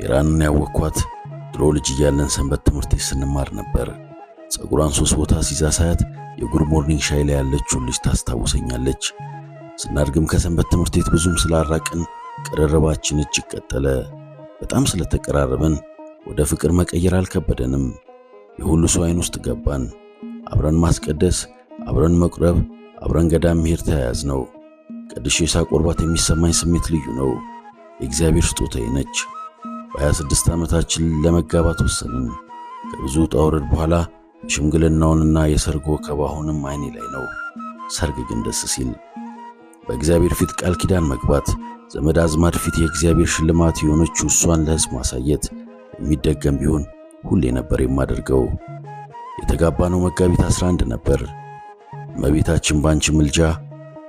ኢራንን ያወቅኳት ድሮ ልጅ እያለን ሰንበት ትምህርት ስንማር ነበር። ጸጉሯን ሶስት ቦታ ሲዛ ሳያት የጉድ ሞርኒንግ ሻይ ላይ ያለችውን ልጅ ታስታውሰኛለች። ስናድግም ከሰንበት ትምህርት ቤት ብዙም ስላራቅን ቅርርባችን እጅግ ቀጠለ። በጣም ስለተቀራረብን ወደ ፍቅር መቀየር አልከበደንም። የሁሉ ሰው አይን ውስጥ ገባን። አብረን ማስቀደስ፣ አብረን መቁረብ፣ አብረን ገዳም መሄድ ተያያዝ ነው። ቀድሼ ሳቆርባት የሚሰማኝ ስሜት ልዩ ነው። የእግዚአብሔር ስጦታዬ ነች። በ26 ዓመታችን ለመጋባት ወሰንን። ከብዙ ውጣ በኋላ ሽምግልናውንና የሰርጎ ወከባ አሁንም አይኔ ላይ ነው። ሰርግ ግን ደስ ሲል በእግዚአብሔር ፊት ቃል ኪዳን መግባት፣ ዘመድ አዝማድ ፊት የእግዚአብሔር ሽልማት የሆነችው እሷን ለሕዝብ ማሳየት የሚደገም ቢሆን ሁሌ ነበር የማደርገው። የተጋባነው መጋቢት 11 ነበር። እመቤታችን ባንቺ ምልጃ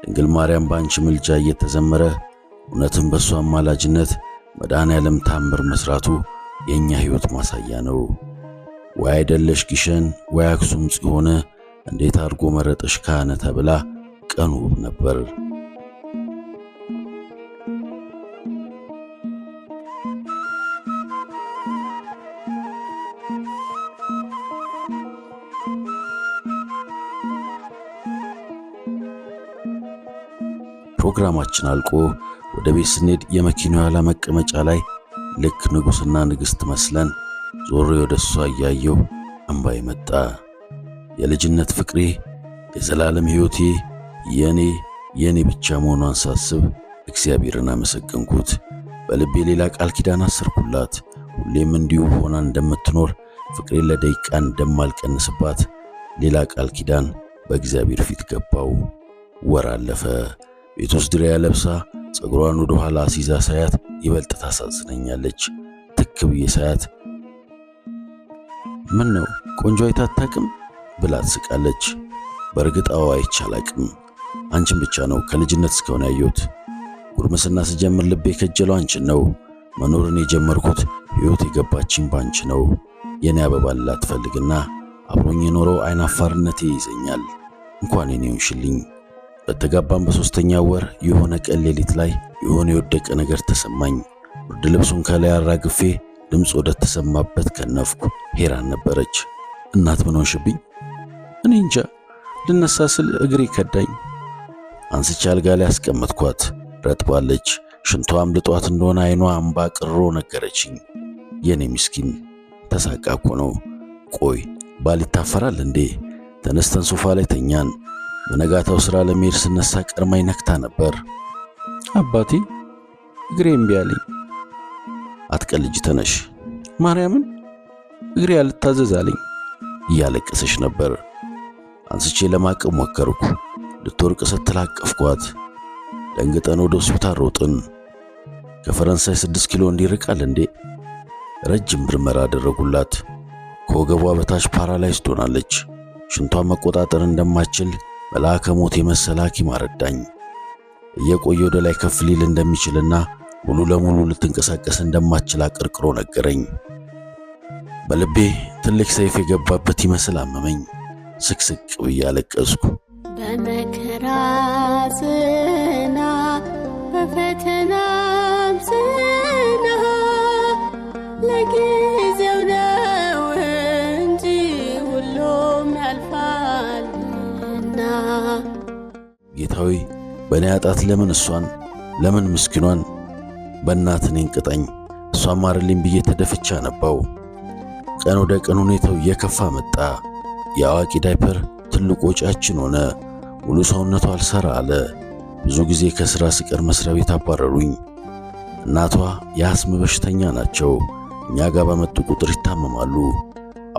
ድንግል ማርያም ባንቺ ምልጃ እየተዘመረ እውነትም በእሷ አማላጅነት መድኃኔ ዓለም ታምር መስራቱ የእኛ ሕይወት ማሳያ ነው። ወይ አይደለሽ ግሸን ወይ አክሱም ጽዮን እንዴት አድርጎ መረጠሽ ካህነ ተብላ ቀን ውብ ነበር። ፕሮግራማችን አልቆ ወደ ቤት ስንሄድ የመኪናው ኋላ መቀመጫ ላይ ልክ ንጉሥና ንግሥት መስለን ዞሬ ወደ እሷ እያየሁ እምባይ መጣ። የልጅነት ፍቅሬ፣ የዘላለም ሕይወቴ፣ የእኔ የእኔ ብቻ መሆኗን ሳስብ እግዚአብሔርን አመሰገንኩት። በልቤ ሌላ ቃል ኪዳን አሰርኩላት። ሁሌም እንዲሁ ሆና እንደምትኖር ፍቅሬን ለደቂቃ እንደማልቀንስባት ሌላ ቃል ኪዳን በእግዚአብሔር ፊት ገባው። ወር አለፈ። ቤት ድሪያ ለብሳ ፀጉሯን ወደ ኋላ ሲዛ ሳያት ይበልጥ ታሳዝነኛለች። ትክ ብዬ ሳያት ምን ነው ቆንጆ አይታታቅም ብላ ትስቃለች። በእርግጥ አዋ አይቻላቅም አንቺን ብቻ ነው ከልጅነት እስከሆነ ያየሁት። ጉርምስና ስጀምር ልቤ ከጀለው አንቺን ነው። መኖርን የጀመርኩት ሕይወት የገባችን ባንቺ ነው። የኔ አበባ ላትፈልግና አብሮኝ የኖረው አይናፋርነቴ ይዘኛል። እንኳን የኔውን ሽልኝ በተጋባም በሦስተኛ ወር የሆነ ቀን ሌሊት ላይ የሆነ የወደቀ ነገር ተሰማኝ። ብርድ ልብሱን ከላይ አራግፌ ድምፅ ወደ ተሰማበት ከነፍኩ። ሄራን ነበረች። እናት ምን ሆንሽብኝ? እኔ እንጃ፣ ልነሳ ስል እግሬ ከዳኝ። አንስቼ አልጋ ላይ አስቀመጥኳት። ረጥባለች። ሽንቷ አምልጧት እንደሆነ አይኗ አምባ ቅሮ ነገረችኝ። የኔ ምስኪን ተሳቃ ነው። ቆይ ባል ይታፈራል እንዴ? ተነስተን ሶፋ ላይ ተኛን። በነጋታው ሥራ ለመሄድ ስነሳ ቀርማኝ ነክታ ነበር። አባቴ እግሬ እምቢ አለኝ። አትቀልጅ ተነሽ፣ ማርያምን እግሬ አልታዘዝ አለኝ። እያለቀሰች ነበር። አንስቼ ለማቀፍ ሞከርኩ። ልትወርቅ ስትል አቀፍኳት። ደንግጠን ወደ ሆስፒታል ሮጥን። ከፈረንሳይ ስድስት ኪሎ እንዲርቃል እንዴ? ረጅም ምርመራ አደረጉላት። ከወገቧ በታች ፓራላይዝ ትሆናለች። ሽንቷን መቆጣጠር እንደማችል መልአከ ሞት የመሰለ ሐኪም አረዳኝ። እየቆየ ወደ ላይ ከፍ ሊል እንደሚችልና ሙሉ ለሙሉ ልትንቀሳቀስ እንደማትችል አቀርቅሮ ነገረኝ። በልቤ ትልቅ ሰይፍ የገባበት ይመስል አመመኝ። ስቅስቅ ብዬ አለቀስኩ። በመከራ ጽና በፈተ በእኔ አጣት ለምን እሷን ለምን ምስኪኗን በእናት እኔን ቅጠኝ እሷ ማርልኝ ብዬ ተደፍቻ ነባው። ቀን ወደ ቀን ሁኔታው እየከፋ መጣ። የአዋቂ ዳይፐር ትልቁ ወጪያችን ሆነ። ሙሉ ሰውነቷ አልሰራ አለ። ብዙ ጊዜ ከሥራ ስቀር መሥሪያ ቤት አባረሩኝ። እናቷ የአስም በሽተኛ ናቸው። እኛ ጋር በመጡ ቁጥር ይታመማሉ።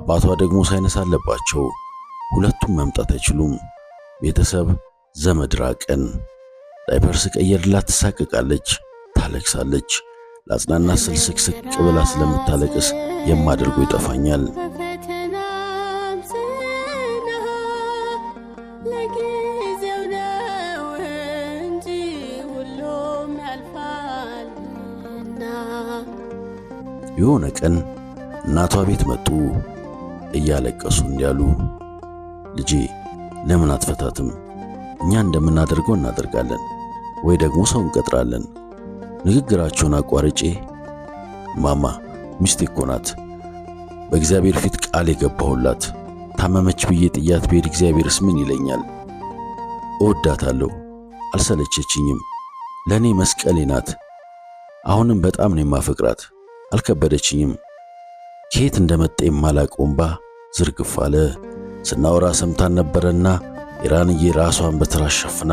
አባቷ ደግሞ ሳይነስ አለባቸው። ሁለቱም መምጣት አይችሉም። ቤተሰብ ዘመድ ራቀን። ዳይፐርስ ቀየርላት፣ ትሳቀቃለች፣ ታለቅሳለች። ለአጽናናት ስል ስቅስቅ ብላ ስለምታለቅስ የማደርገው ይጠፋኛል። የሆነ ቀን እናቷ ቤት መጡ። እያለቀሱ እንዲያሉ ልጄ ለምን አትፈታትም? እኛ እንደምናደርገው እናደርጋለን ወይ ደግሞ ሰው እንቀጥራለን። ንግግራቸውን አቋርጬ ማማ ሚስቴ እኮ ናት፣ በእግዚአብሔር ፊት ቃል የገባሁላት ታመመች ብዬ ጥያት ብሄድ እግዚአብሔርስ ምን ይለኛል? እወዳታለሁ፣ አልሰለቸችኝም፣ ለእኔ መስቀሌ ናት። አሁንም በጣም ነው የማፈቅራት፣ አልከበደችኝም። ከየት እንደመጣ የማላቆምባ ወንባ ዝርግፍ አለ። ስናወራ ሰምታን ነበረና ኢራንዬ ራሷን በትራሽ ሸፍና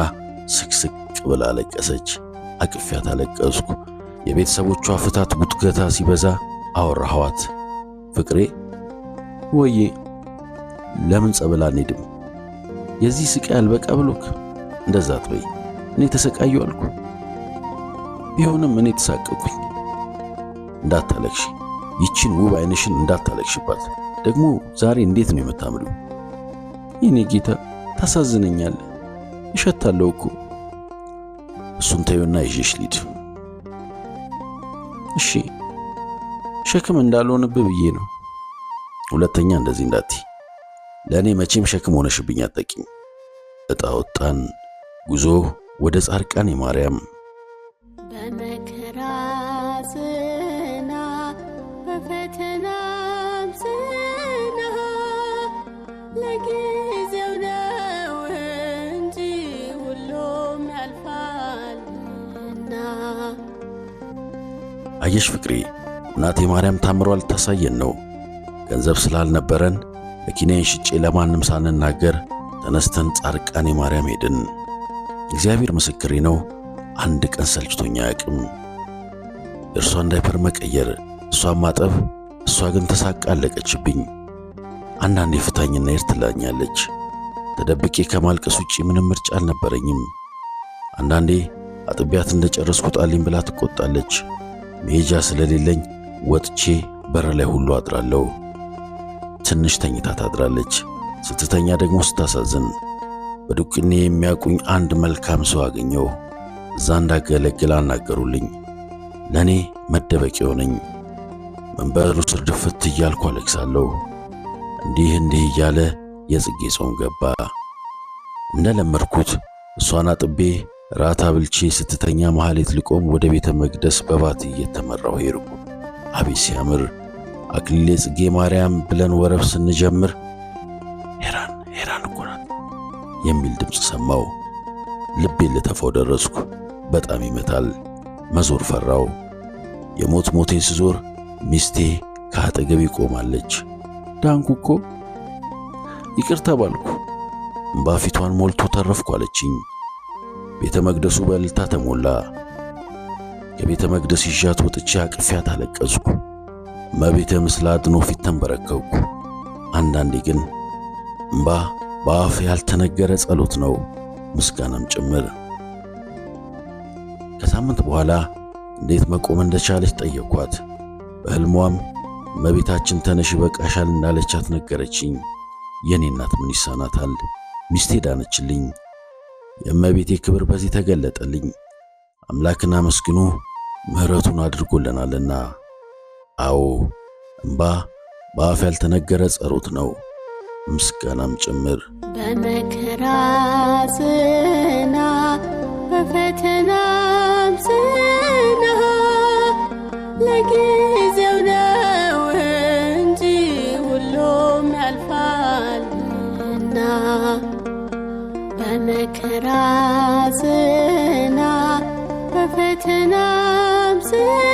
ስቅስቅ ብላ አለቀሰች። አቅፊያት አለቀስኩ። የቤተሰቦቿ ፍታት ጉትገታ ሲበዛ አወራኋት። ፍቅሬ ወዬ ለምን ጸበል አንሄድም? የዚህ ስቃይ አልበቃ ብሎክ እንደዛ ወይ እኔ ተሰቃዩ አልኩ ቢሆንም እኔ ተሳቀቅኩኝ። እንዳታለቅሽ ይችን ውብ አይንሽን እንዳታለቅሽባት። ደግሞ ዛሬ እንዴት ነው የምታምሪው? የኔ ጌታ ታሳዝነኛል እሸታለሁ እኮ እሱን ታዩና ይዤሽ ልሂድ። እሺ፣ ሸክም እንዳልሆንብህ ብዬ ነው። ሁለተኛ እንደዚህ እንዳትይ። ለእኔ መቼም ሸክም ሆነሽብኝ አትጠቂም። እጣ ወጣን። ጉዞ ወደ ጻድቃኔ ማርያም አየሽ ፍቅሬ፣ እናቴ ማርያም ታምሮ ልታሳየን ነው። ገንዘብ ስላልነበረን መኪናዬን ሽጬ ለማንም ሳንናገር ተነስተን ጻድቃኔ ማርያም ሄድን። እግዚአብሔር ምስክሬ ነው፣ አንድ ቀን ሰልችቶኛ አያውቅም። የእርሷን ዳይፐር መቀየር፣ እሷን ማጠብ፣ እሷ ግን ተሳቃ አለቀችብኝ። አንዳንዴ ፍታኝና ይር ትላኛለች። ተደብቄ ከማልቀስ ውጪ ምንም ምርጫ አልነበረኝም። አንዳንዴ አጥቢያት ጨረስኩ ጣልኝ ብላ ትቆጣለች። መሄጃ ስለሌለኝ ወጥቼ በር ላይ ሁሉ አድራለሁ። ትንሽ ተኝታ ታድራለች። ስትተኛ ደግሞ ስታሳዝን በዱቅኔ የሚያውቁኝ አንድ መልካም ሰው አገኘው። እዛ እንዳገለግል አናገሩልኝ። ለእኔ መደበቂያ ሆነኝ። መንበሩ ስር ድፍት እያልኩ አለቅሳለሁ። እንዲህ እንዲህ እያለ የጽጌ ጾም ገባ። እንደ እሷን አጥቤ ራት አብልቼ ስትተኛ መሐሌት ልቆም ወደ ቤተ መቅደስ በባት እየተመራው ሄድኩ። አቤት ሲያምር! አክሊሌ ጽጌ ማርያም ብለን ወረብ ስንጀምር ሄራን ሄራን እኮ ናት የሚል ድምፅ ሰማው። ልቤ ልተፋው ደረስኩ። በጣም ይመታል። መዞር ፈራው። የሞት ሞቴ ስዞር ሚስቴ ከአጠገቤ ቆማለች። ዳንኩ እኮ ይቅርታ ባልኩ እምባ ፊቷን ሞልቶ ተረፍኩ አለችኝ። ቤተ መቅደሱ በእልልታ ተሞላ። ከቤተ መቅደስ ይዣት ወጥቼ አቅፊያት አለቀስኩ። መቤተ ምስል አድኖ ፊት ተንበረከኩ። አንዳንዴ ግን እምባ በአፍ ያልተነገረ ጸሎት ነው፣ ምስጋናም ጭምር። ከሳምንት በኋላ እንዴት መቆም እንደቻለች ጠየኳት። በሕልሟም እመቤታችን ተነሽ ይበቃሻል እንዳለቻት ነገረችኝ። የኔ እናት ምን ይሳናታል? ሚስቴ ዳነችልኝ። የእመቤቴ ክብር በዚህ ተገለጠልኝ። አምላክን አመስግኖ ምሕረቱን አድርጎልናልና። አዎ እምባ በአፍ ያልተነገረ ጸሎት ነው፣ ምስጋናም ጭምር በመከራ ዝና በፈተና Prophet and Absalom.